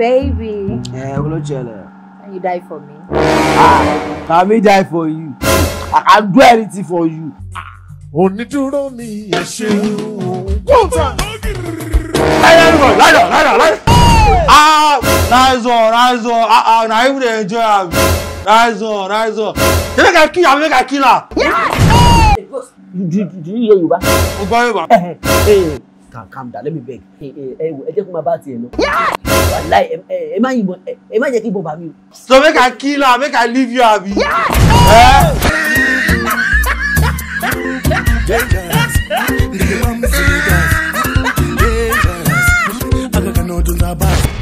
Baby. Yeah, not what And you die for me. Ah, I may die for you? Ah, I can do anything for you. Ah. Onídúró mi ẹ ṣeun. Kóńtà. Láyọ̀ láyọ̀ láyọ̀ láyọ̀. Ah, rise up, rise up. Ah, ah, na even enjoy am. Rise up, rise up. You make a kill you make a killer. Yes. Do, do, do you hear Yorùbá? Mo gbọ́ Hey, Calm down, let me beg. Hey, hey, hey, wo, ẹ jẹ́ kó máa bá tiẹ̀ wàláì ẹ má yìnbọn ẹ má jẹ́ kí ìbọn bà o. so make i kill her, make i leave you abi. Dangerous, dangerous, dangerous. I got no do about.